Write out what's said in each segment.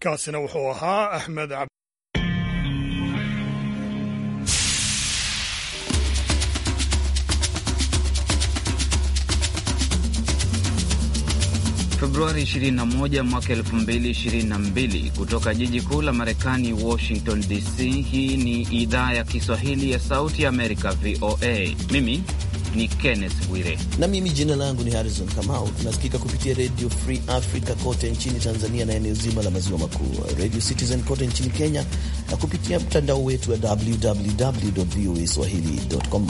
kaasina wuxuu ahaa Axmed Februari 21 mwaka 2022, kutoka jiji kuu la Marekani, Washington DC. Hii ni idhaa ya Kiswahili ya Sauti ya Amerika, VOA. Mimi ni Kenneth Bwire na mimi jina langu ni Harrison Kamau. Tunasikika kupitia Radio Free Africa kote nchini Tanzania na eneo zima la maziwa makuu, Radio Citizen kote nchini Kenya na kupitia mtandao wetu wa www voa swahili.com.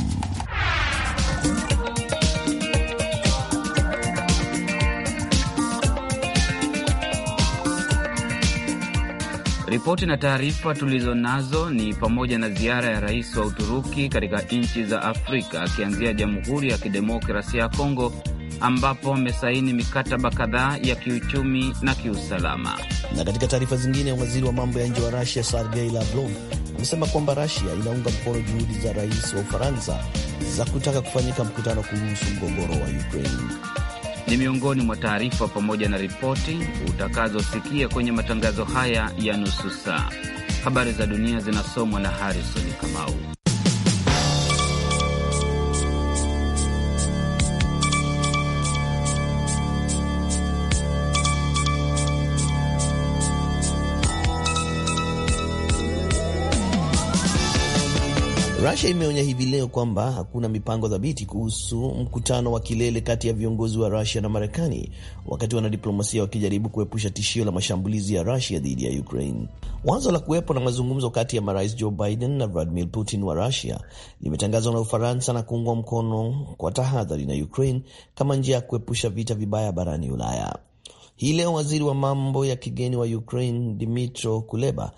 Ripoti na taarifa tulizo nazo ni pamoja na ziara ya rais wa Uturuki katika nchi za Afrika akianzia Jamhuri ya Kidemokrasia ya Kongo ambapo amesaini mikataba kadhaa ya kiuchumi na kiusalama. Na katika taarifa zingine, waziri wa mambo ya nje wa Rasia Sergei Lavrov amesema kwamba Rasia inaunga mkono juhudi za rais wa Ufaransa za kutaka kufanyika mkutano kuhusu mgogoro wa Ukraini ni miongoni mwa taarifa pamoja na ripoti utakazosikia kwenye matangazo haya ya nusu saa. Habari za dunia zinasomwa na Harrison Kamau. Rusia imeonya hivi leo kwamba hakuna mipango thabiti kuhusu mkutano wa kilele kati ya viongozi wa Rusia na Marekani, wakati wanadiplomasia wakijaribu kuepusha tishio la mashambulizi ya Rusia dhidi ya Ukraine. Wazo la kuwepo na mazungumzo kati ya marais Joe Biden na Vladimir Putin wa Rusia limetangazwa na Ufaransa na kuungwa mkono kwa tahadhari na Ukraine kama njia ya kuepusha vita vibaya barani Ulaya. Hii leo waziri wa mambo ya kigeni wa Ukraine Dmytro Kuleba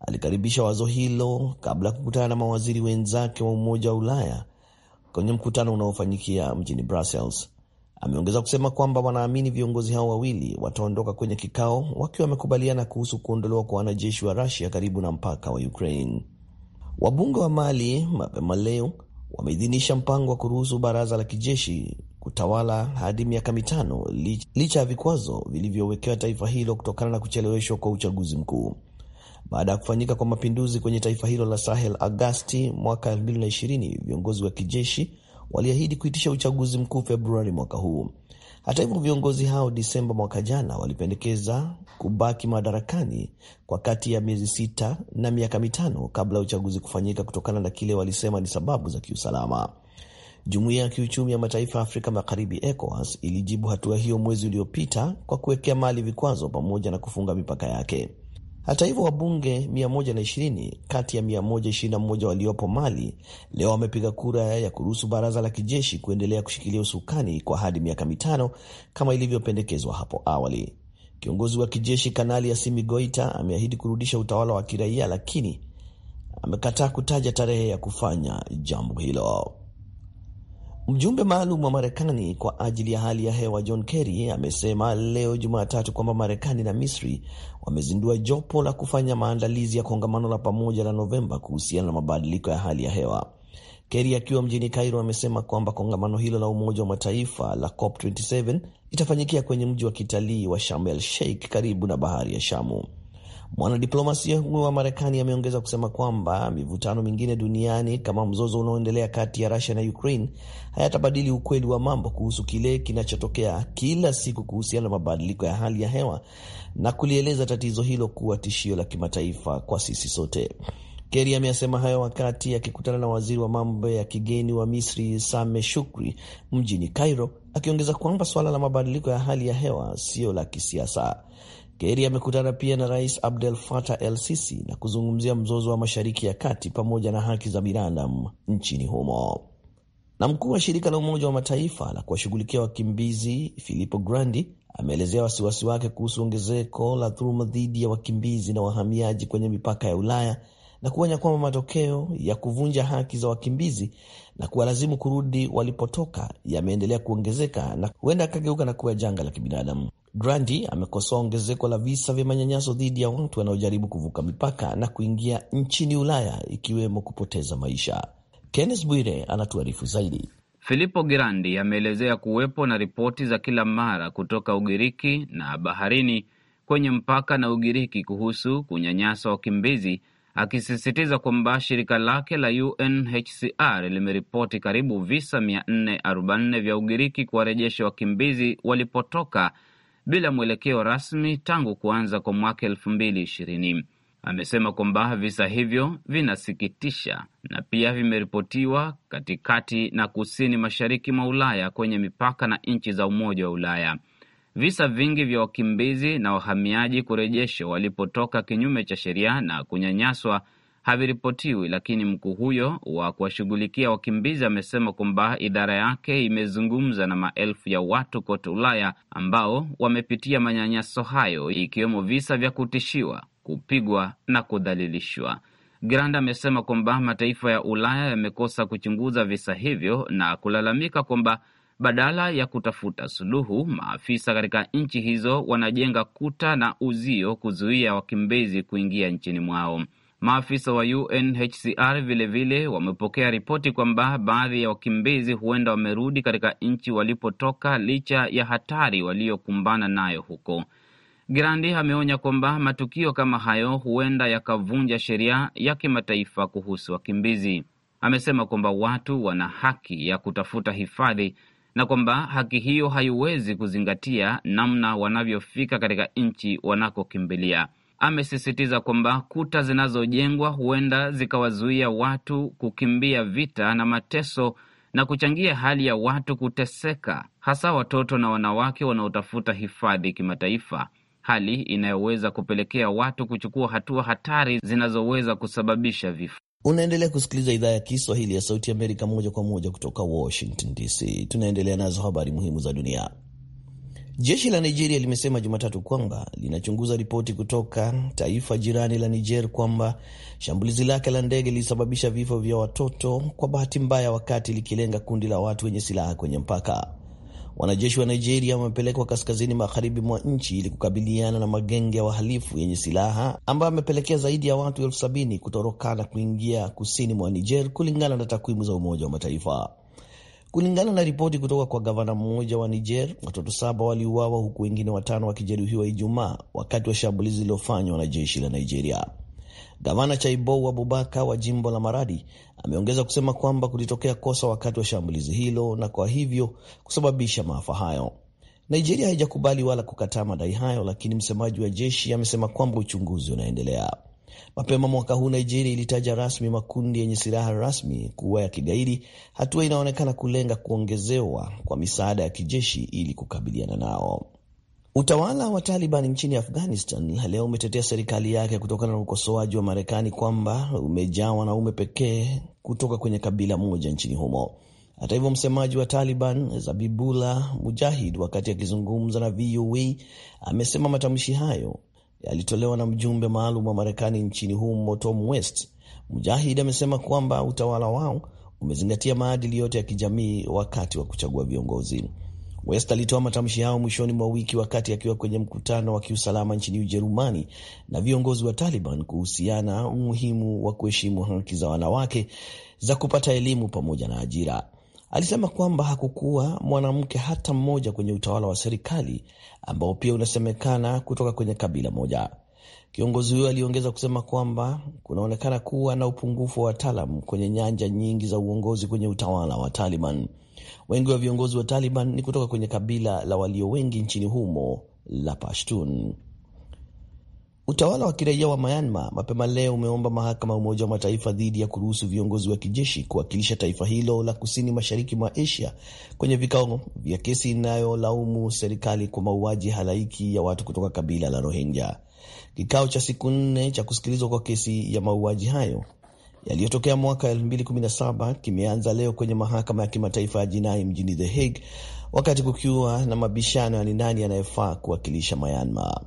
alikaribisha wazo hilo kabla ya kukutana na mawaziri wenzake wa Umoja wa Ulaya kwenye mkutano unaofanyikia mjini Brussels. Ameongeza kusema kwamba wanaamini viongozi hao wawili wataondoka kwenye kikao wakiwa wamekubaliana kuhusu kuondolewa kwa wanajeshi wa Rusia karibu na mpaka wa Ukraine. Wabunge wa Mali mapema leo wameidhinisha mpango wa kuruhusu baraza la kijeshi kutawala hadi miaka mitano licha ya vikwazo vilivyowekewa taifa hilo kutokana na kucheleweshwa kwa uchaguzi mkuu. Baada ya kufanyika kwa mapinduzi kwenye taifa hilo la Sahel Agasti mwaka 2020, viongozi wa kijeshi waliahidi kuitisha uchaguzi mkuu Februari mwaka huu. Hata hivyo, viongozi hao Disemba mwaka jana walipendekeza kubaki madarakani kwa kati ya miezi sita na miaka mitano kabla ya uchaguzi kufanyika kutokana na kile walisema ni sababu za kiusalama. Jumuiya ya Kiuchumi ya Mataifa ya Afrika Magharibi, ECOWAS, ilijibu hatua hiyo mwezi uliopita kwa kuwekea Mali vikwazo pamoja na kufunga mipaka yake. Hata hivyo wabunge 120 kati ya 121 waliopo Mali leo wamepiga kura ya kuruhusu baraza la kijeshi kuendelea kushikilia usukani kwa hadi miaka mitano kama ilivyopendekezwa hapo awali. Kiongozi wa kijeshi Kanali asimi Goita ameahidi kurudisha utawala wa kiraia, lakini amekataa kutaja tarehe ya kufanya jambo hilo. Mjumbe maalum wa Marekani kwa ajili ya hali ya hewa John Kerry amesema leo Jumatatu kwamba Marekani na Misri wamezindua jopo la kufanya maandalizi ya kongamano la pamoja la Novemba kuhusiana na mabadiliko ya hali ya hewa. Kerry akiwa mjini Cairo amesema kwamba kongamano hilo la Umoja wa Mataifa la COP 27 litafanyikia kwenye mji wa kitalii wa Sharm el Sheikh karibu na bahari ya Shamu. Mwanadiplomasia huyo wa Marekani ameongeza kusema kwamba mivutano mingine duniani kama mzozo unaoendelea kati ya Rusia na Ukraine hayatabadili ukweli wa mambo kuhusu kile kinachotokea kila siku kuhusiana na mabadiliko ya hali ya hewa na kulieleza tatizo hilo kuwa tishio la kimataifa kwa sisi sote. Keri ameyasema hayo wakati akikutana na waziri wa mambo ya kigeni wa Misri same Shukri mjini Cairo, akiongeza kwamba suala la mabadiliko ya hali ya hewa siyo la kisiasa. Keri amekutana pia na Rais Abdel Fattah El Sisi na kuzungumzia mzozo wa Mashariki ya Kati pamoja na haki za binadamu nchini humo. Na mkuu wa shirika la Umoja wa Mataifa la kuwashughulikia wakimbizi Filippo Grandi ameelezea wasiwasi wake kuhusu ongezeko la dhuluma dhidi ya wakimbizi na wahamiaji kwenye mipaka ya Ulaya na kuonya kwamba matokeo ya kuvunja haki za wakimbizi na kuwalazimu kurudi walipotoka yameendelea kuongezeka na huenda akageuka na kuwa janga la kibinadamu. Grandi amekosoa ongezeko la visa vya manyanyaso dhidi ya watu wanaojaribu kuvuka mipaka na kuingia nchini Ulaya, ikiwemo kupoteza maisha. Kenneth Bwire anatuarifu zaidi. Filippo Grandi ameelezea kuwepo na ripoti za kila mara kutoka Ugiriki na baharini kwenye mpaka na Ugiriki kuhusu kunyanyasa wakimbizi akisisitiza kwamba shirika lake la UNHCR limeripoti karibu visa 444 vya Ugiriki kuwarejesha wakimbizi walipotoka bila mwelekeo rasmi tangu kuanza kwa mwaka 220 Amesema kwamba visa hivyo vinasikitisha na pia vimeripotiwa katikati na kusini mashariki mwa Ulaya kwenye mipaka na nchi za Umoja wa Ulaya. Visa vingi vya wakimbizi na wahamiaji kurejeshwa walipotoka kinyume cha sheria na kunyanyaswa haviripotiwi, lakini mkuu huyo wa kuwashughulikia wakimbizi amesema kwamba idara yake imezungumza na maelfu ya watu kote Ulaya ambao wamepitia manyanyaso hayo, ikiwemo visa vya kutishiwa, kupigwa na kudhalilishwa. Grand amesema kwamba mataifa ya Ulaya yamekosa kuchunguza visa hivyo na kulalamika kwamba badala ya kutafuta suluhu, maafisa katika nchi hizo wanajenga kuta na uzio kuzuia wakimbizi kuingia nchini mwao. Maafisa wa UNHCR vilevile wamepokea ripoti kwamba baadhi ya wakimbizi huenda wamerudi katika nchi walipotoka licha ya hatari waliokumbana nayo huko. Grandi ameonya kwamba matukio kama hayo huenda yakavunja sheria ya kimataifa kuhusu wakimbizi. Amesema kwamba watu wana haki ya kutafuta hifadhi na kwamba haki hiyo haiwezi kuzingatia namna wanavyofika katika nchi wanakokimbilia. Amesisitiza kwamba kuta zinazojengwa huenda zikawazuia watu kukimbia vita na mateso na kuchangia hali ya watu kuteseka, hasa watoto na wanawake wanaotafuta hifadhi kimataifa, hali inayoweza kupelekea watu kuchukua hatua hatari zinazoweza kusababisha vifo. Unaendelea kusikiliza idhaa ya Kiswahili ya Sauti Amerika moja kwa moja kutoka Washington DC. Tunaendelea nazo habari muhimu za dunia. Jeshi la Nigeria limesema Jumatatu kwamba linachunguza ripoti kutoka taifa jirani la Niger kwamba shambulizi lake la ndege lilisababisha vifo vya watoto kwa bahati mbaya, wakati likilenga kundi la watu wenye silaha kwenye mpaka. Wanajeshi wa Nigeria wamepelekwa kaskazini magharibi mwa nchi ili kukabiliana na magenge ya wa wahalifu yenye silaha ambayo amepelekea zaidi ya watu elfu sabini kuingia kusini mwa Niger, kulingana na takwimu za Umoja wa Mataifa. Kulingana na ripoti kutoka kwa gavana mmoja wa Niger, watoto saba waliuawa huku wengine watano wakijeruhiwa Ijumaa wakati wa shambulizi lililofanywa na jeshi la Nigeria. Gavana Chaibou Abubakar wa jimbo la Maradi ameongeza kusema kwamba kulitokea kosa wakati wa shambulizi hilo na kwa hivyo kusababisha maafa hayo. Nigeria haijakubali wala kukataa madai hayo, lakini msemaji wa jeshi amesema kwamba uchunguzi unaendelea. Mapema mwaka huu Nigeria ilitaja rasmi makundi yenye silaha rasmi kuwa ya kigaidi, hatua inaonekana kulenga kuongezewa kwa misaada ya kijeshi ili kukabiliana nao. Utawala wa Taliban nchini Afghanistan leo umetetea serikali yake kutokana na ukosoaji wa Marekani kwamba umejaa wanaume pekee kutoka kwenye kabila moja nchini humo. Hata hivyo, msemaji wa Taliban Zabibullah Mujahid, wakati akizungumza na VOA, amesema matamshi hayo yalitolewa na mjumbe maalum wa Marekani nchini humo Tom West. Mujahid amesema kwamba utawala wao umezingatia maadili yote ya kijamii wakati wa kuchagua viongozi. West alitoa matamshi hayo mwishoni mwa wiki wakati akiwa kwenye mkutano wa kiusalama nchini Ujerumani na viongozi wa Taliban kuhusiana umuhimu wa kuheshimu haki za wanawake za kupata elimu pamoja na ajira. Alisema kwamba hakukuwa mwanamke hata mmoja kwenye utawala wa serikali ambao pia unasemekana kutoka kwenye kabila moja. Kiongozi huyo aliongeza kusema kwamba kunaonekana kuwa na upungufu wa wataalam kwenye nyanja nyingi za uongozi kwenye utawala wa Taliban. Wengi wa viongozi wa Taliban ni kutoka kwenye kabila la walio wengi nchini humo la Pashtun. Utawala wa kiraia wa Myanmar mapema leo umeomba mahakama ya Umoja wa Mataifa dhidi ya kuruhusu viongozi wa kijeshi kuwakilisha taifa hilo la kusini mashariki mwa Asia kwenye vikao vya kesi inayolaumu serikali kwa mauaji halaiki ya watu kutoka kabila la Rohingya. Kikao cha siku nne cha kusikilizwa kwa kesi ya mauaji hayo yaliyotokea mwaka 2017 kimeanza leo kwenye mahakama ya kimataifa ya jinai mjini The Hague, wakati kukiwa na mabishano ya ni nani anayefaa kuwakilisha Myanmar.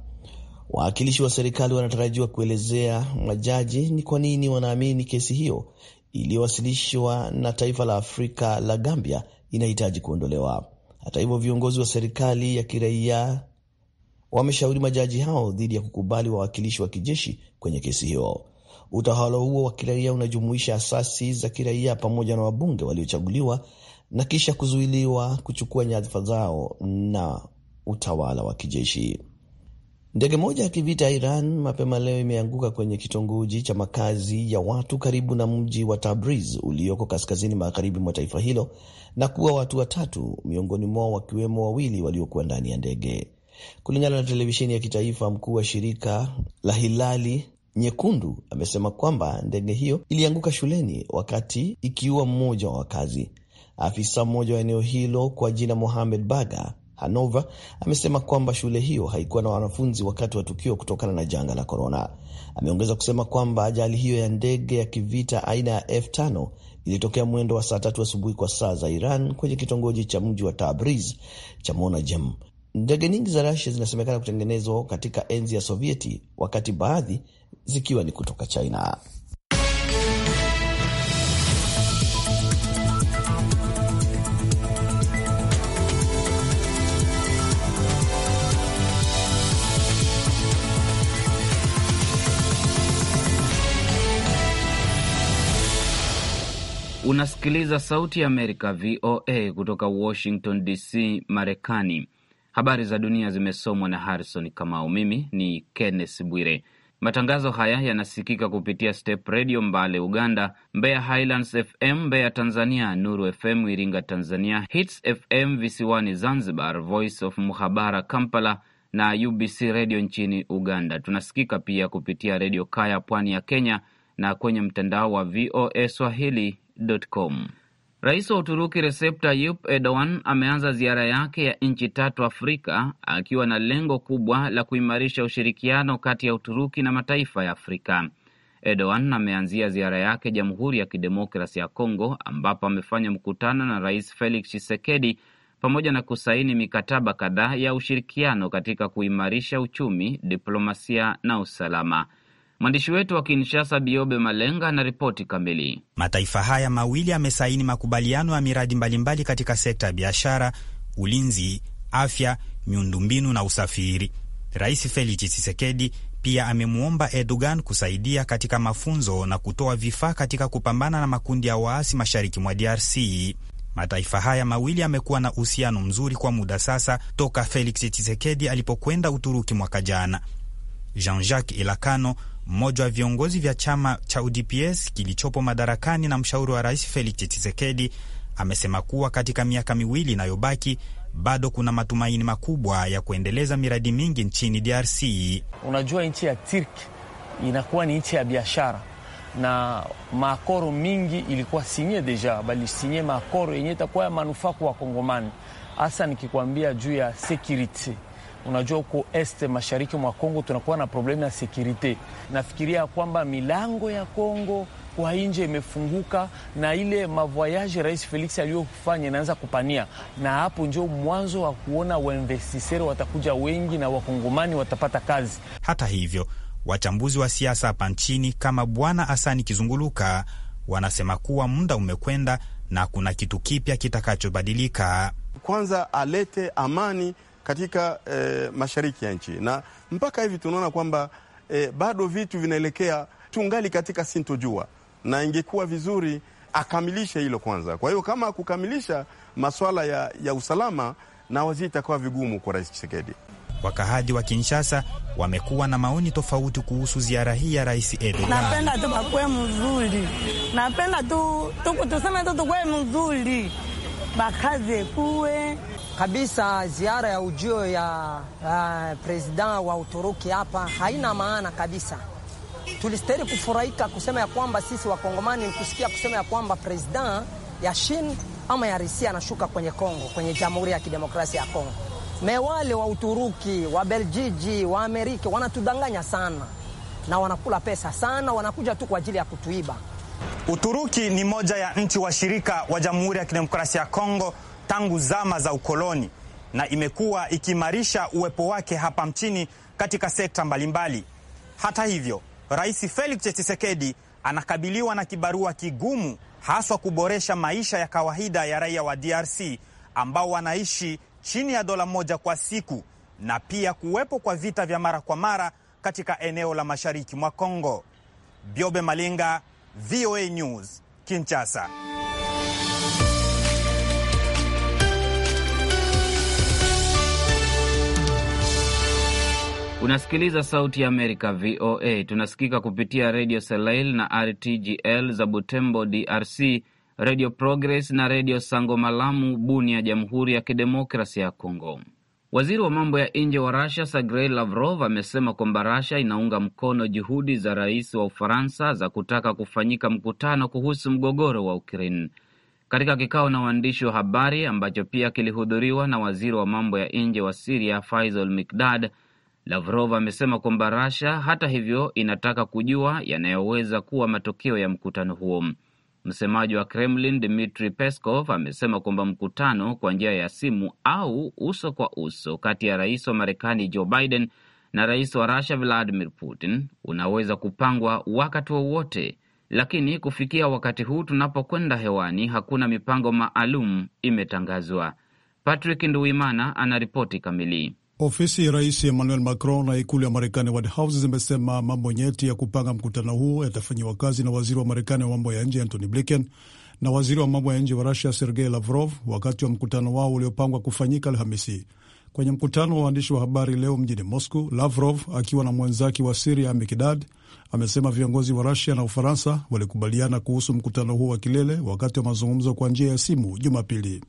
Waakilishi wa serikali wanatarajiwa kuelezea majaji ni kwa nini wanaamini kesi hiyo iliyowasilishwa na taifa la Afrika la Gambia inahitaji kuondolewa. Hata hivyo, viongozi wa serikali ya kiraia wameshauri majaji hao dhidi ya kukubali wawakilishi wa kijeshi kwenye kesi hiyo. Utawala huo wa kiraia unajumuisha asasi za kiraia pamoja na wabunge waliochaguliwa na kisha kuzuiliwa kuchukua nyadhifa zao na utawala wa kijeshi. Ndege moja ya kivita ya Iran mapema leo imeanguka kwenye kitongoji cha makazi ya watu karibu na mji wa Tabriz ulioko kaskazini magharibi mwa taifa hilo na kuwa watu watatu, miongoni mwao wakiwemo wawili waliokuwa ndani ya ndege. Kulingana na televisheni ya kitaifa, mkuu wa shirika la Hilali Nyekundu amesema kwamba ndege hiyo ilianguka shuleni wakati ikiua mmoja wa wakazi. Afisa mmoja wa eneo hilo kwa jina Mohamed Baga Hanover amesema kwamba shule hiyo haikuwa na wanafunzi wakati wa tukio kutokana na janga la korona. Ameongeza kusema kwamba ajali hiyo ya ndege ya kivita aina ya F5 ilitokea mwendo wa saa tatu asubuhi kwa saa za Iran kwenye kitongoji cha mji wa Tabriz cha Monajem. Ndege nyingi za Rasia zinasemekana kutengenezwa katika enzi ya Sovieti, wakati baadhi zikiwa ni kutoka China. Unasikiliza Sauti ya Amerika, VOA, kutoka Washington DC, Marekani. Habari za dunia zimesomwa na Harrison Kamau. Mimi ni Kenneth Bwire. Matangazo haya yanasikika kupitia Step Redio Mbale Uganda, Mbeya Highlands FM Mbeya Tanzania, Nuru FM Iringa Tanzania, Hits FM visiwani Zanzibar, Voice of Muhabara Kampala na UBC redio nchini Uganda. Tunasikika pia kupitia Redio Kaya pwani ya Kenya na kwenye mtandao wa VOA swahili.com. Rais wa Uturuki Recep Tayyip Erdogan ameanza ziara yake ya nchi tatu Afrika akiwa na lengo kubwa la kuimarisha ushirikiano kati ya Uturuki na mataifa ya Afrika. Erdogan ameanzia ziara yake Jamhuri ya Kidemokrasi ya Kongo ambapo amefanya mkutano na Rais Felix Tshisekedi pamoja na kusaini mikataba kadhaa ya ushirikiano katika kuimarisha uchumi, diplomasia na usalama. Mwandishi wetu wa Kinshasa, Biobe Malenga, ana ripoti kamili. Mataifa haya mawili yamesaini makubaliano ya miradi mbalimbali katika sekta ya biashara, ulinzi, afya, miundombinu na usafiri. Rais Felix Tshisekedi pia amemwomba Erdogan kusaidia katika mafunzo na kutoa vifaa katika kupambana na makundi ya waasi mashariki mwa DRC. Mataifa haya mawili yamekuwa na uhusiano mzuri kwa muda sasa toka Felix Tshisekedi alipokwenda Uturuki mwaka jana. Jean-Jacques Elakano mmoja wa viongozi vya chama cha UDPS kilichopo madarakani na mshauri wa rais Felix Tshisekedi amesema kuwa katika miaka miwili inayobaki bado kuna matumaini makubwa ya kuendeleza miradi mingi nchini DRC. Unajua, nchi ya Turki inakuwa ni nchi ya biashara na maakoro mingi ilikuwa sinye deja, bali sinye maakoro yenye itakuwa ya manufaa kwa Wakongomani, hasa nikikuambia juu ya security Unajua, huko este mashariki mwa Kongo tunakuwa na problemu ya sekurite. Nafikiria kwamba milango ya Kongo kwa nje imefunguka na ile mavoyaje Rais Felix aliyofanya inaanza kupania, na hapo ndio mwanzo wa kuona wainvestiseri watakuja wengi na wakongomani watapata kazi. Hata hivyo, wachambuzi wa siasa hapa nchini kama Bwana Asani Kizunguluka wanasema kuwa muda umekwenda na kuna kitu kipya kitakachobadilika. Kwanza alete amani katika e, mashariki ya nchi, na mpaka hivi tunaona kwamba e, bado vitu vinaelekea tungali katika sintojua, na ingekuwa vizuri akamilishe hilo kwanza. Kwa hiyo kama kukamilisha maswala ya, ya usalama na waziri itakuwa vigumu kwa Rais chisekedi wakahaji wa Kinshasa wamekuwa na maoni tofauti kuhusu ziara hii ya Rais Erdogan. Napenda tu bakwe mzuri, napenda tu tuseme tu tukwe mzuri bakazi ekuwe kabisa ziara ya ujio ya uh, president wa Uturuki hapa haina maana kabisa. Tulistahili kufurahika kusema ya kwamba sisi wakongomani ni kusikia kusema ya kwamba president ya shin ama ya risia anashuka kwenye Kongo, kwenye Jamhuri ya Kidemokrasia ya Kongo. Me wale wa Uturuki, wa Beljiji, wa Amerika wanatudanganya sana na wanakula pesa sana, wanakuja tu kwa ajili ya kutuiba. Uturuki ni moja ya nchi washirika wa Jamhuri ya Kidemokrasia ya Kongo tangu zama za ukoloni na imekuwa ikiimarisha uwepo wake hapa mchini katika sekta mbalimbali. Hata hivyo, Rais Felix Tshisekedi anakabiliwa na kibarua kigumu, haswa kuboresha maisha ya kawaida ya raia wa DRC ambao wanaishi chini ya dola moja kwa siku na pia kuwepo kwa vita vya mara kwa mara katika eneo la mashariki mwa Kongo. Biobe malinga VOA News, Kinshasa. Unasikiliza Sauti ya Amerika, VOA. Tunasikika kupitia Redio Selail na RTGL za Butembo, DRC, Redio Progress na Redio Sango Malamu, Bunia, Jamhuri ya Kidemokrasi ya Kongo. Waziri wa mambo ya nje wa Rasia Sergei Lavrov amesema kwamba Rasia inaunga mkono juhudi za rais wa Ufaransa za kutaka kufanyika mkutano kuhusu mgogoro wa Ukraine. Katika kikao na waandishi wa habari ambacho pia kilihudhuriwa na waziri wa mambo ya nje wa Siria Faisal Mikdad, Lavrov amesema kwamba Russia hata hivyo inataka kujua yanayoweza kuwa matokeo ya mkutano huo. Msemaji wa Kremlin Dmitri Peskov amesema kwamba mkutano kwa njia ya simu au uso kwa uso kati ya rais wa Marekani Joe Biden na rais wa Russia Vladimir Putin unaweza kupangwa wakati wowote, lakini kufikia wakati huu tunapokwenda hewani hakuna mipango maalum imetangazwa. Patrick nduimana anaripoti kamili. Ofisi ya rais Emmanuel Macron na ikulu ya Marekani White House zimesema mambo nyeti ya kupanga mkutano huo yatafanyiwa kazi na waziri wa Marekani wa mambo ya nje Antony Blinken na waziri wa mambo ya nje wa Rusia Sergei Lavrov wakati wa mkutano wao uliopangwa kufanyika Alhamisi. Kwenye mkutano wa waandishi wa habari leo mjini Moscow, Lavrov akiwa na mwenzake wa Siria mikdad amesema viongozi wa Rusia na Ufaransa walikubaliana kuhusu mkutano huo wa kilele wakati wa mazungumzo kwa njia ya simu Jumapili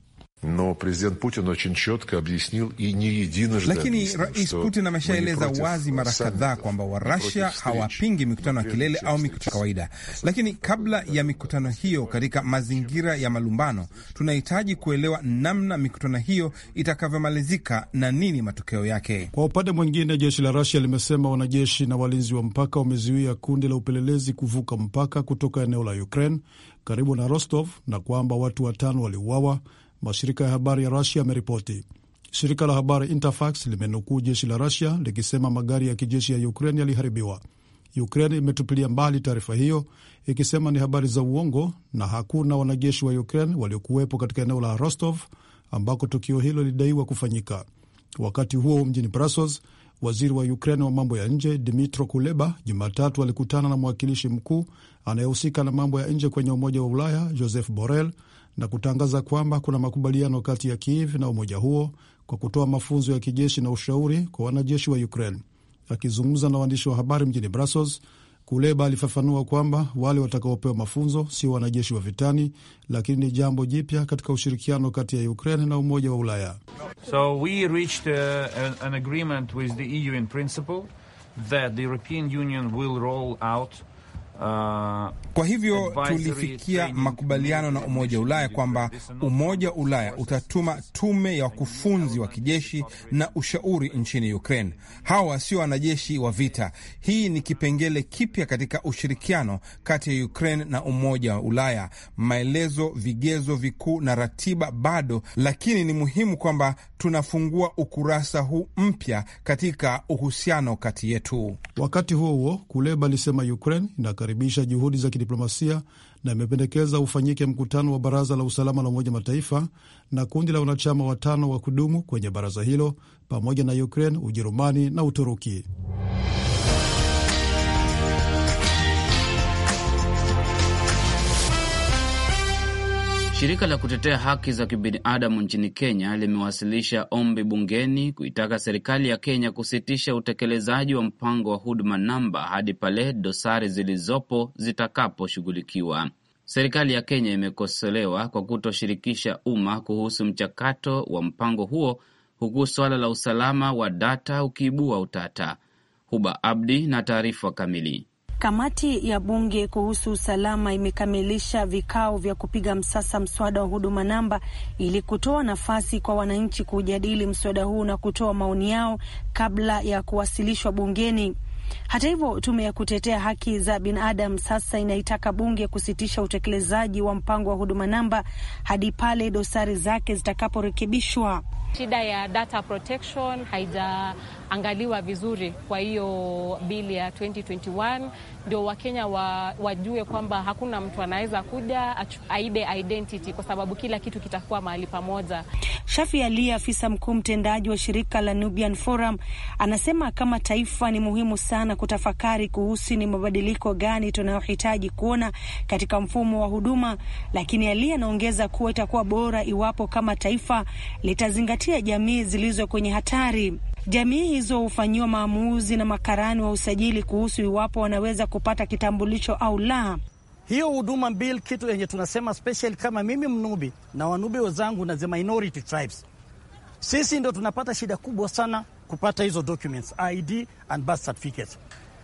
очень четко объяснил и не единожды. Lakini Rais Putin ameshaeleza wazi mara kadhaa kwamba warasia hawapingi mikutano ya kilele au mikutano ya kawaida, lakini kabla ya mikutano hiyo, katika mazingira ya malumbano, tunahitaji kuelewa namna mikutano hiyo itakavyomalizika na nini matokeo yake. Kwa upande mwingine, jeshi la rasia limesema wanajeshi na walinzi wa mpaka wamezuia kundi la upelelezi kuvuka mpaka kutoka eneo la Ukraine karibu na Rostov na kwamba watu watano waliuawa mashirika ya habari ya Rusia yameripoti. Shirika la habari Interfax limenukuu jeshi la Rusia likisema magari ya kijeshi ya Ukraine yaliharibiwa. Ukraine imetupilia mbali taarifa hiyo ikisema ni habari za uongo na hakuna wanajeshi wa Ukraine waliokuwepo katika eneo la Rostov ambako tukio hilo lilidaiwa kufanyika. Wakati huo mjini Brussels, waziri wa Ukraine wa mambo ya nje Dmytro Kuleba Jumatatu alikutana na mwakilishi mkuu anayehusika na mambo ya nje kwenye Umoja wa Ulaya Joseph Borrell na kutangaza kwamba kuna makubaliano kati ya Kiev na umoja huo kwa kutoa mafunzo ya kijeshi na ushauri kwa wanajeshi wa Ukraine. Akizungumza na waandishi wa habari mjini Brussels, Kuleba alifafanua kwamba wale watakaopewa mafunzo sio wanajeshi wa vitani, lakini ni jambo jipya katika ushirikiano kati ya Ukraine na Umoja wa Ulaya. So we reached uh, an agreement with the EU in principle that the European Union will roll out Uh, Kwa hivyo tulifikia makubaliano na Umoja wa Ulaya kwamba Umoja wa Ulaya utatuma tume ya wakufunzi wa kijeshi na ushauri nchini Ukraine. Hawa sio wanajeshi wa vita. Hii ni kipengele kipya katika ushirikiano kati ya Ukraine na Umoja wa Ulaya. Maelezo, vigezo vikuu na ratiba bado, lakini ni muhimu kwamba tunafungua ukurasa huu mpya katika uhusiano kati yetu. Wakati huo huo, Kuleba alisema Ukraine inakaribisha juhudi za kidiplomasia na imependekeza ufanyike mkutano wa Baraza la Usalama la Umoja Mataifa na kundi la wanachama watano wa kudumu kwenye baraza hilo pamoja na Ukraine, Ujerumani na Uturuki. Shirika la kutetea haki za kibinadamu nchini Kenya limewasilisha ombi bungeni kuitaka serikali ya Kenya kusitisha utekelezaji wa mpango wa huduma namba hadi pale dosari zilizopo zitakaposhughulikiwa. Serikali ya Kenya imekosolewa kwa kutoshirikisha umma kuhusu mchakato wa mpango huo, huku suala la usalama wa data ukiibua utata. Huba Abdi na taarifa kamili. Kamati ya bunge kuhusu usalama imekamilisha vikao vya kupiga msasa mswada wa huduma namba ili kutoa nafasi kwa wananchi kujadili mswada huu na kutoa maoni yao kabla ya kuwasilishwa bungeni. Hata hivyo, tume ya kutetea haki za binadamu sasa inaitaka bunge kusitisha utekelezaji wa mpango wa huduma namba hadi pale dosari zake zitakaporekebishwa. Shida ya data protection haija angaliwa vizuri. Kwa hiyo bili ya 2021 ndio Wakenya wa, wajue kwamba hakuna mtu anaweza kuja aide identity kwa sababu kila kitu kitakuwa mahali pamoja. Shafi Ali, afisa mkuu mtendaji wa shirika la Nubian Forum, anasema kama taifa ni muhimu sana kutafakari kuhusu ni mabadiliko gani tunayohitaji kuona katika mfumo wa huduma, lakini Ali anaongeza kuwa itakuwa bora iwapo kama taifa litazingatia jamii zilizo kwenye hatari. Jamii hizo hufanyiwa maamuzi na makarani wa usajili kuhusu iwapo wanaweza kupata kitambulisho au la. Hiyo huduma mbili, kitu yenye tunasema special, kama mimi Mnubi na Wanubi wenzangu na the minority tribes, sisi ndo tunapata shida kubwa sana kupata hizo documents, ID and birth certificates.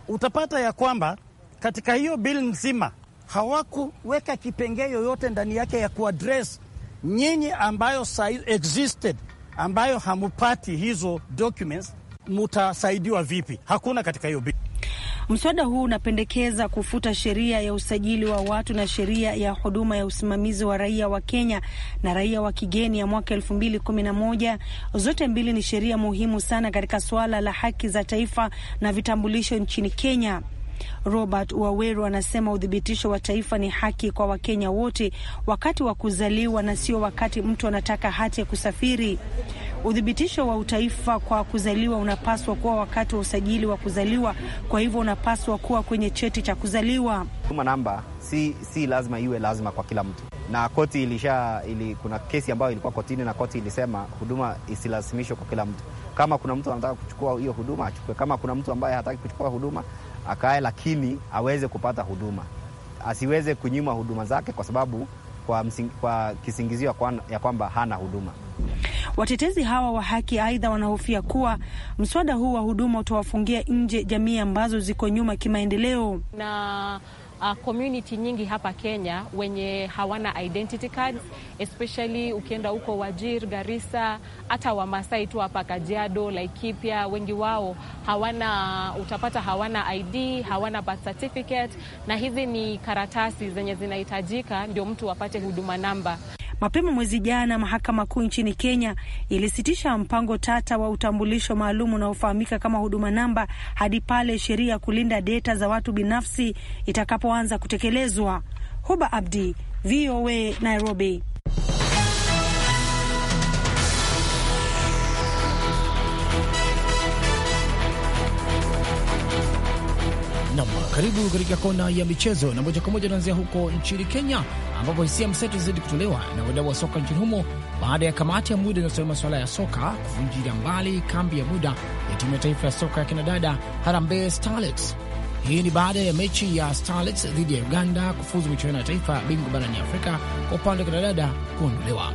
Utapata ya kwamba katika hiyo bill nzima hawakuweka kipengee yoyote ndani yake ya kuaddress nyinyi ambayo existed ambayo hamupati hizo documents, mutasaidiwa vipi? Hakuna katika hiyo bili. Mswada huu unapendekeza kufuta sheria ya usajili wa watu na sheria ya huduma ya usimamizi wa raia wa Kenya na raia wa kigeni ya mwaka elfu mbili kumi na moja. Zote mbili ni sheria muhimu sana katika suala la haki za taifa na vitambulisho nchini Kenya. Robert Waweru anasema uthibitisho wa taifa ni haki kwa Wakenya wote, wakati wa kuzaliwa na sio wakati mtu anataka hati ya kusafiri. Uthibitisho wa utaifa kwa kuzaliwa unapaswa kuwa wakati wa usajili wa kuzaliwa, kwa hivyo unapaswa kuwa kwenye cheti cha kuzaliwa. Huduma namba si, si lazima iwe lazima kwa kila mtu, na koti ilisha ili, kuna kesi ambayo ilikuwa kotini na koti ilisema huduma isilazimishwe kwa kila mtu. Kama kuna mtu anataka kuchukua hiyo huduma achukue, kama kuna mtu ambaye hataki kuchukua huduma akae, lakini aweze kupata huduma, asiweze kunyuma huduma zake kwa sababu kwa, kwa kisingizio kwa, ya kwamba hana huduma. Watetezi hawa wa haki aidha wanahofia kuwa mswada huu wa huduma utawafungia nje jamii ambazo ziko nyuma kimaendeleo na uh, community nyingi hapa Kenya wenye hawana identity cards, especially ukienda huko Wajir, Garissa, hata Wamasai tu hapa Kajiado, Laikipia, wengi wao hawana, utapata hawana ID, hawana birth certificate, na hizi ni karatasi zenye zinahitajika ndio mtu apate huduma namba. Mapema mwezi jana, mahakama kuu nchini Kenya ilisitisha mpango tata wa utambulisho maalum unaofahamika kama huduma namba hadi pale sheria ya kulinda data za watu binafsi itakapoanza kutekelezwa. Huba Abdi, VOA, Nairobi. Karibu katika kona ya michezo, na moja kwa moja tunaanzia huko nchini Kenya, ambapo hisia mseto zizidi kutolewa na wadau wa soka nchini humo baada ya kamati ya muda inayosimamia masuala ya soka kuvunjilia mbali kambi ya muda ya timu ya taifa ya soka ya kinadada Harambee Starlets. Hii ni baada ya mechi ya Starlets dhidi ya Uganda kufuzu michuano ya taifa bingwa barani Afrika kwa upande wa kinadada kuondolewa.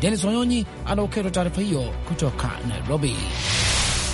Denis Wanyonyi anaokerwa taarifa hiyo kutoka Nairobi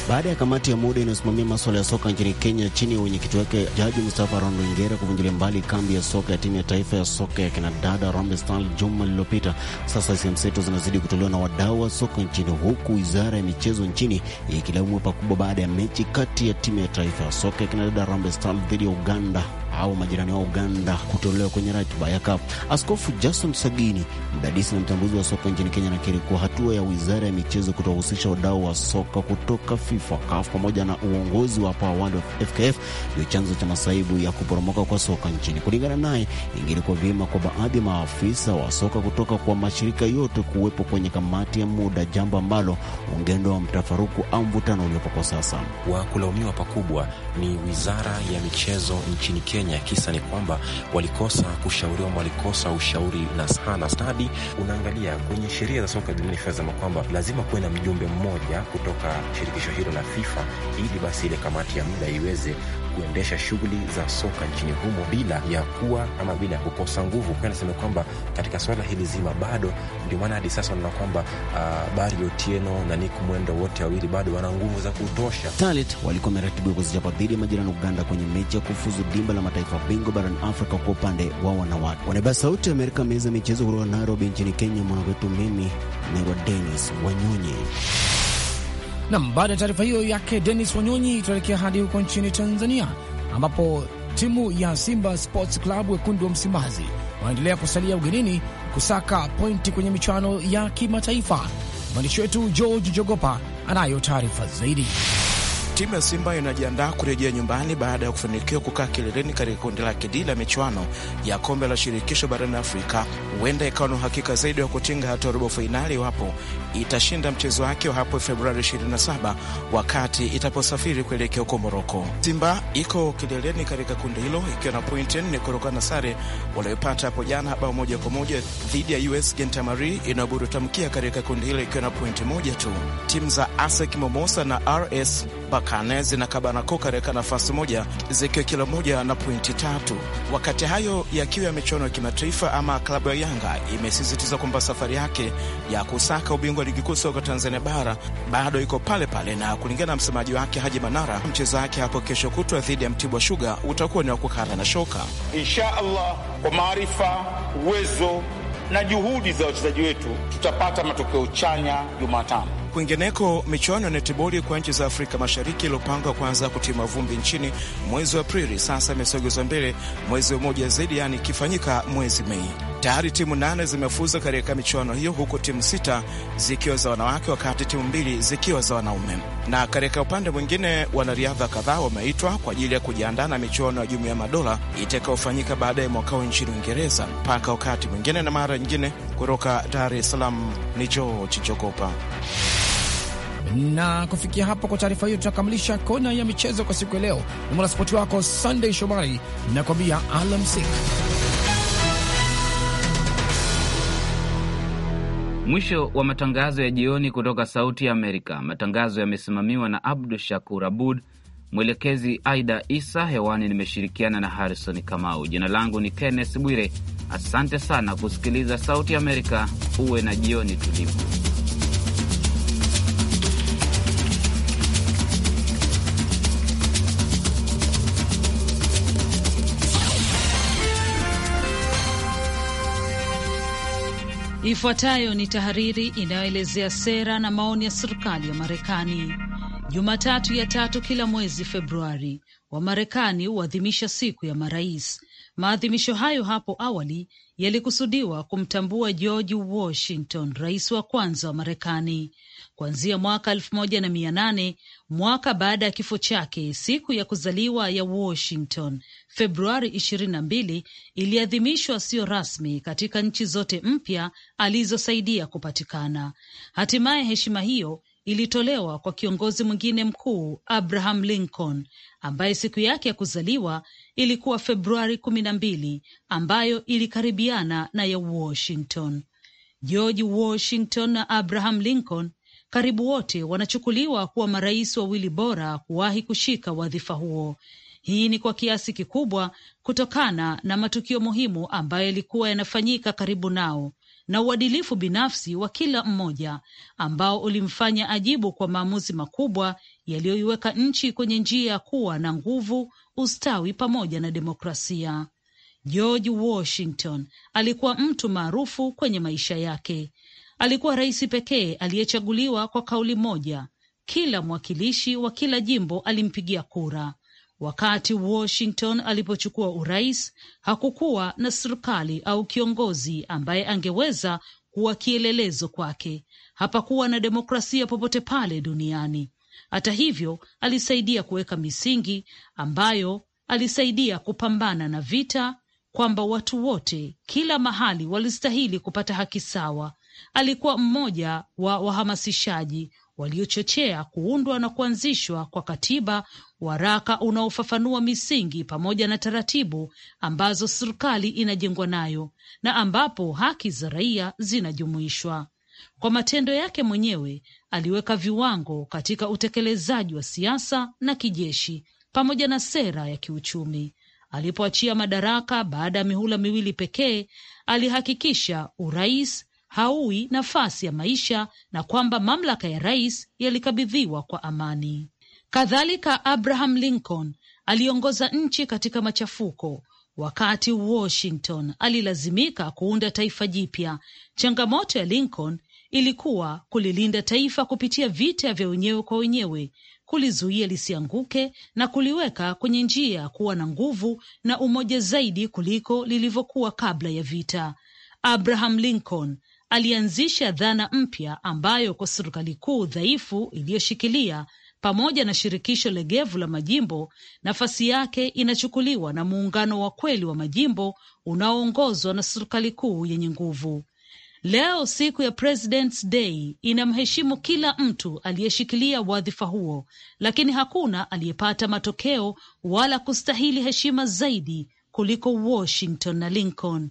baada ya kamati ya muda inayosimamia masuala ya soka nchini Kenya chini ya wenyekiti wake Jaji Mustafa Rondo Ingera kuvunjilia mbali kambi ya soka ya timu ya taifa ya soka ya kinadada Harambee juma lililopita. Sasa sehemu zetu zinazidi kutolewa na wadau wa soka nchini, huku wizara ya michezo nchini ikilaumiwa pakubwa baada ya mechi kati ya timu ya taifa ya soka ya kinadada Harambee dhidi ya Uganda au majirani wa Uganda kutolewa kwenye ratiba ya CAF. Askofu Jason Sagini, mdadisi na mtambuzi wa soka nchini Kenya, anakiri kuwa hatua ya wizara ya michezo kutowahusisha wadau wa soka kutoka FIFA, CAF pamoja na uongozi wa hapo awali wa FKF ndio chanzo cha masaibu ya kuporomoka kwa soka nchini. Kulingana naye, ingelikuwa vyema kwa baadhi ya maafisa wa soka kutoka kwa mashirika yote kuwepo kwenye kamati ya muda, jambo ambalo ungeondoa mtafaruku au mvutano uliopo kwa sasa. Wa kulaumiwa pakubwa ni wizara ya michezo nchini Kenya Kenya. Kisa ni kwamba walikosa kushauriwa, walikosa ushauri na sana stadi. Unaangalia kwenye sheria za soka zimesema kwamba lazima kuwe na mjumbe mmoja kutoka shirikisho hilo la FIFA, ili basi ile kamati ya muda iweze kuendesha shughuli za soka nchini humo bila ya kuwa ama bila ya kukosa nguvu. Kwa nasema kwamba katika swala hili zima bado, ndio maana hadi sasa wanaona kwamba uh, ah, Bari Otieno na Nick Mwendo wote wawili bado wana nguvu za kutosha. Talit walikuwa wameratibiwa kuzichapa dhidi ya majirani Uganda kwenye mechi ya kufuzu dimba la mataifa bingwa barani Afrika kwa upande wa wanawake. Wanabaa Sauti ya Amerika, meza michezo kutoka Nairobi nchini Kenya, mwanawetu mimi Nairwa Denis Wanyonyi. Nam, baada ya taarifa hiyo yake Denis Wanyonyi, tunaelekea hadi huko nchini Tanzania ambapo timu ya Simba Sports Club wekundu wa Msimbazi wanaendelea kusalia ugenini kusaka pointi kwenye michuano ya kimataifa. Mwandishi wetu George Jogopa anayo taarifa zaidi. Timu ya Simba inajiandaa kurejea nyumbani baada ya kufanikiwa kukaa kileleni katika kundi lake D la michuano ya kombe la shirikisho barani Afrika. Huenda ikawa na uhakika zaidi wa kutinga hatua robo fainali iwapo itashinda mchezo wake wa hapo Februari 27 wakati itaposafiri kuelekea huko Moroko. Simba iko kileleni katika kundi hilo ikiwa na pointi nne kutokana na sare waliopata hapo jana bao moja kwa moja dhidi ya US Gentamari inayoburutamkia katika kundi hilo ikiwa na pointi moja tu. Timu za ASEC Momosa na RS zinakaba na koka katika nafasi moja zikiwa kila moja na pointi tatu. Wakati hayo yakiwa ya michuano ya kimataifa, ama klabu ya Yanga imesisitiza kwamba safari yake ya kusaka ubingwa ligi kuu soka Tanzania bara bado iko pale pale, na kulingana na msemaji wake Haji Manara, mchezo wake hapo kesho kutwa dhidi ya Mtibwa Shuga utakuwa ni wa kukara na shoka, insha Allah. Kwa maarifa, uwezo na juhudi za wachezaji wetu tutapata matokeo chanya Jumatano. Kwingineko, michuano ya netiboli kwa nchi za Afrika Mashariki iliyopangwa kuanza kutima vumbi nchini mwezi wa Aprili sasa imesogezwa mbele mwezi mmoja zaidi, yaani ikifanyika mwezi Mei. Tayari timu nane zimefuzu katika michuano hiyo huku timu sita zikiwa za wanawake, wakati timu mbili zikiwa za wanaume. Na katika upande mwingine, wanariadha kadhaa wameitwa kwa ajili ya kujiandaa na michuano ya Jumuiya ya Madola itakayofanyika baadaye mwaka huu nchini Uingereza. Mpaka wakati mwingine na mara nyingine, kutoka Dar es Salaam ni jorji Jogopa. Na kufikia hapo kwa taarifa hiyo, tunakamilisha kona ya michezo kwa siku ya leo. Ni mwanaspoti wako Sunday Shomari nakwambia alamsik. Mwisho wa matangazo ya jioni kutoka Sauti ya Amerika. Matangazo yamesimamiwa na Abdu Shakur Abud, mwelekezi Aida Isa. Hewani nimeshirikiana na Harrison Kamau. Jina langu ni Kenneth Bwire. Asante sana kusikiliza Sauti ya Amerika. Uwe na jioni tulivu. Ifuatayo ni tahariri inayoelezea sera na maoni ya serikali ya Marekani. Jumatatu ya tatu kila mwezi Februari, Wamarekani huadhimisha siku ya marais. Maadhimisho hayo hapo awali yalikusudiwa kumtambua George Washington, rais wa kwanza wa Marekani kuanzia mwaka elfu moja na mia nane mwaka baada ya kifo chake. Siku ya kuzaliwa ya Washington Februari 22 iliadhimishwa sio rasmi katika nchi zote mpya alizosaidia kupatikana. Hatimaye heshima hiyo ilitolewa kwa kiongozi mwingine mkuu Abraham Lincoln ambaye siku yake ya kuzaliwa ilikuwa Februari kumi na mbili ambayo ilikaribiana na ya Washington. George Washington na Abraham Lincoln karibu wote wanachukuliwa kuwa marais wawili bora kuwahi kushika wadhifa huo. Hii ni kwa kiasi kikubwa kutokana na matukio muhimu ambayo yalikuwa yanafanyika karibu nao na uadilifu binafsi wa kila mmoja ambao ulimfanya ajibu kwa maamuzi makubwa yaliyoiweka nchi kwenye njia ya kuwa na nguvu, ustawi pamoja na demokrasia. George Washington alikuwa mtu maarufu kwenye maisha yake, Alikuwa rais pekee aliyechaguliwa kwa kauli moja. Kila mwakilishi wa kila jimbo alimpigia kura. Wakati Washington alipochukua urais, hakukuwa na serikali au kiongozi ambaye angeweza kuwa kielelezo kwake. Hapakuwa na demokrasia popote pale duniani. Hata hivyo, alisaidia kuweka misingi ambayo alisaidia kupambana na vita, kwamba watu wote kila mahali walistahili kupata haki sawa alikuwa mmoja wa wahamasishaji waliochochea kuundwa na kuanzishwa kwa katiba, waraka unaofafanua misingi pamoja na taratibu ambazo serikali inajengwa nayo na ambapo haki za raia zinajumuishwa. Kwa matendo yake mwenyewe aliweka viwango katika utekelezaji wa siasa na kijeshi pamoja na sera ya kiuchumi. Alipoachia madaraka baada ya mihula miwili pekee, alihakikisha urais haui nafasi ya maisha na kwamba mamlaka ya rais yalikabidhiwa kwa amani. Kadhalika, Abraham Lincoln aliongoza nchi katika machafuko wakati Washington alilazimika kuunda taifa jipya. Changamoto ya Lincoln ilikuwa kulilinda taifa kupitia vita vya wenyewe kwa wenyewe, kulizuia lisianguke na kuliweka kwenye njia kuwa na nguvu na umoja zaidi kuliko lilivyokuwa kabla ya vita. Abraham Lincoln alianzisha dhana mpya ambayo kwa serikali kuu dhaifu iliyoshikilia pamoja na shirikisho legevu la majimbo, nafasi yake inachukuliwa na muungano wa kweli wa majimbo unaoongozwa na serikali kuu yenye nguvu. Leo siku ya President's Day inamheshimu kila mtu aliyeshikilia wadhifa huo, lakini hakuna aliyepata matokeo wala kustahili heshima zaidi kuliko Washington na Lincoln.